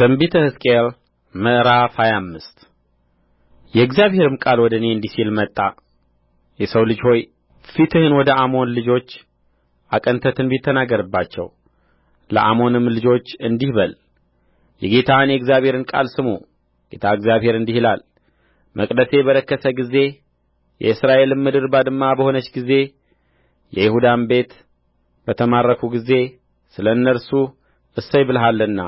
ትንቢተ ሕዝቅኤል ምዕራፍ ሃያ አምስት የእግዚአብሔርም ቃል ወደ እኔ እንዲህ ሲል መጣ የሰው ልጅ ሆይ ፊትህን ወደ አሞን ልጆች አቅንተህ ትንቢት ተናገርባቸው ለአሞንም ልጆች እንዲህ በል የጌታን የእግዚአብሔርን ቃል ስሙ ጌታ እግዚአብሔር እንዲህ ይላል መቅደሴ በረከሰ ጊዜ የእስራኤልም ምድር ባድማ በሆነች ጊዜ የይሁዳም ቤት በተማረኩ ጊዜ ስለ እነርሱ እሰይ ብለሃልና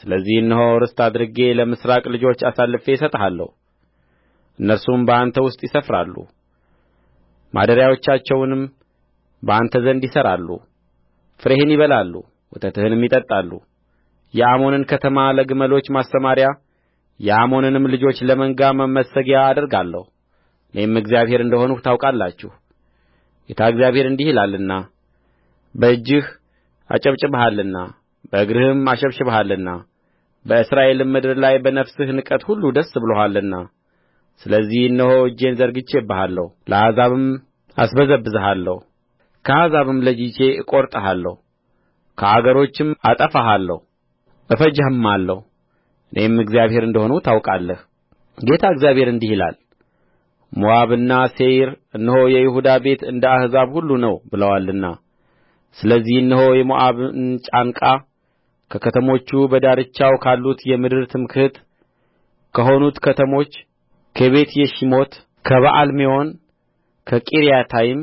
ስለዚህ እነሆ ርስት አድርጌ ለምሥራቅ ልጆች አሳልፌ እሰጥሃለሁ እነርሱም በአንተ ውስጥ ይሰፍራሉ ማደሪያዎቻቸውንም በአንተ ዘንድ ይሠራሉ ፍሬህን ይበላሉ ወተትህንም ይጠጣሉ የአሞንን ከተማ ለግመሎች ማሰማርያ የአሞንንም ልጆች ለመንጋ መመሰጊያ አደርጋለሁ እኔም እግዚአብሔር እንደ ሆንሁ ታውቃላችሁ ጌታ እግዚአብሔር እንዲህ ይላልና በእጅህ አጨብጭበሃልና በእግርህም አሸብሽበሃልና በእስራኤልም ምድር ላይ በነፍስህ ንቀት ሁሉ ደስ ብሎሃልና ስለዚህ እነሆ እጄን ዘርግቼብሃለሁ ለአሕዛብም አስበዘብዝሃለሁ ከአሕዛብም ለይቼ እቈርጥሃለሁ ከአገሮችም አጠፋሃለሁ እፈጅህማለሁ እኔም እግዚአብሔር እንደ ሆንሁ ታውቃለህ ጌታ እግዚአብሔር እንዲህ ይላል ሞዓብና ሴይር እነሆ የይሁዳ ቤት እንደ አሕዛብ ሁሉ ነው ብለዋልና ስለዚህ እነሆ የሞዓብን ጫንቃ ከከተሞቹ በዳርቻው ካሉት የምድር ትምክሕት ከሆኑት ከተሞች ከቤትየሺሞት ከበኣልሜዎን ከቂርያታይም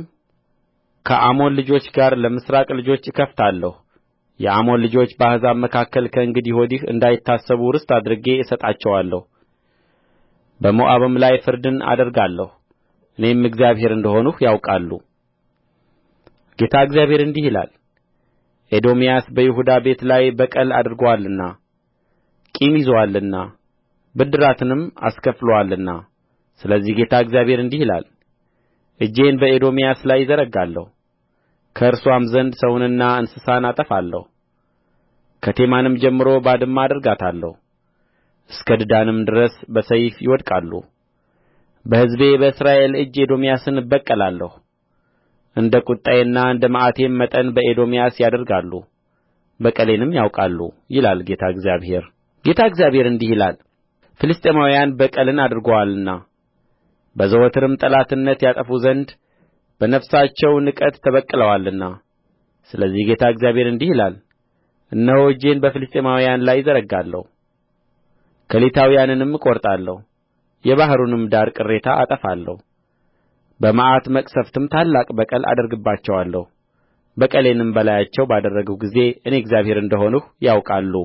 ከአሞን ልጆች ጋር ለምሥራቅ ልጆች እከፍታለሁ የአሞን ልጆች በአሕዛብ መካከል ከእንግዲህ ወዲህ እንዳይታሰቡ ርስት አድርጌ እሰጣቸዋለሁ በሞዓብም ላይ ፍርድን አደርጋለሁ እኔም እግዚአብሔር እንደ ሆንሁ ያውቃሉ ጌታ እግዚአብሔር እንዲህ ይላል ኤዶምያስ በይሁዳ ቤት ላይ በቀል አድርጎአልና ቂም ይዞአልና ብድራትንም አስከፍሎአልና ስለዚህ ጌታ እግዚአብሔር እንዲህ ይላል እጄን በኤዶምያስ ላይ እዘረጋለሁ ከእርስዋም ዘንድ ሰውንና እንስሳን አጠፋለሁ ከቴማንም ጀምሮ ባድማ አደርጋታለሁ እስከ ድዳንም ድረስ በሰይፍ ይወድቃሉ በሕዝቤ በእስራኤል እጅ ኤዶምያስን እበቀላለሁ እንደ ቍጣዬና እንደ መዓቴም መጠን በኤዶምያስ ያደርጋሉ በቀሌንም ያውቃሉ ይላል ጌታ እግዚአብሔር ጌታ እግዚአብሔር እንዲህ ይላል ፍልስጥኤማውያን በቀልን አድርገዋልና በዘወትርም ጠላትነት ያጠፉ ዘንድ በነፍሳቸው ንቀት ተበቅለዋልና ስለዚህ ጌታ እግዚአብሔር እንዲህ ይላል እነሆ እጄን በፍልስጥኤማውያን ላይ እዘረጋለሁ ከሊታውያንንም እቈርጣለሁ የባሕሩንም ዳር ቅሬታ አጠፋለሁ በመዓት መቅሠፍትም ታላቅ በቀል አደርግባቸዋለሁ በቀሌንም በላያቸው ባደረግሁ ጊዜ እኔ እግዚአብሔር እንደ ሆንሁ ያውቃሉ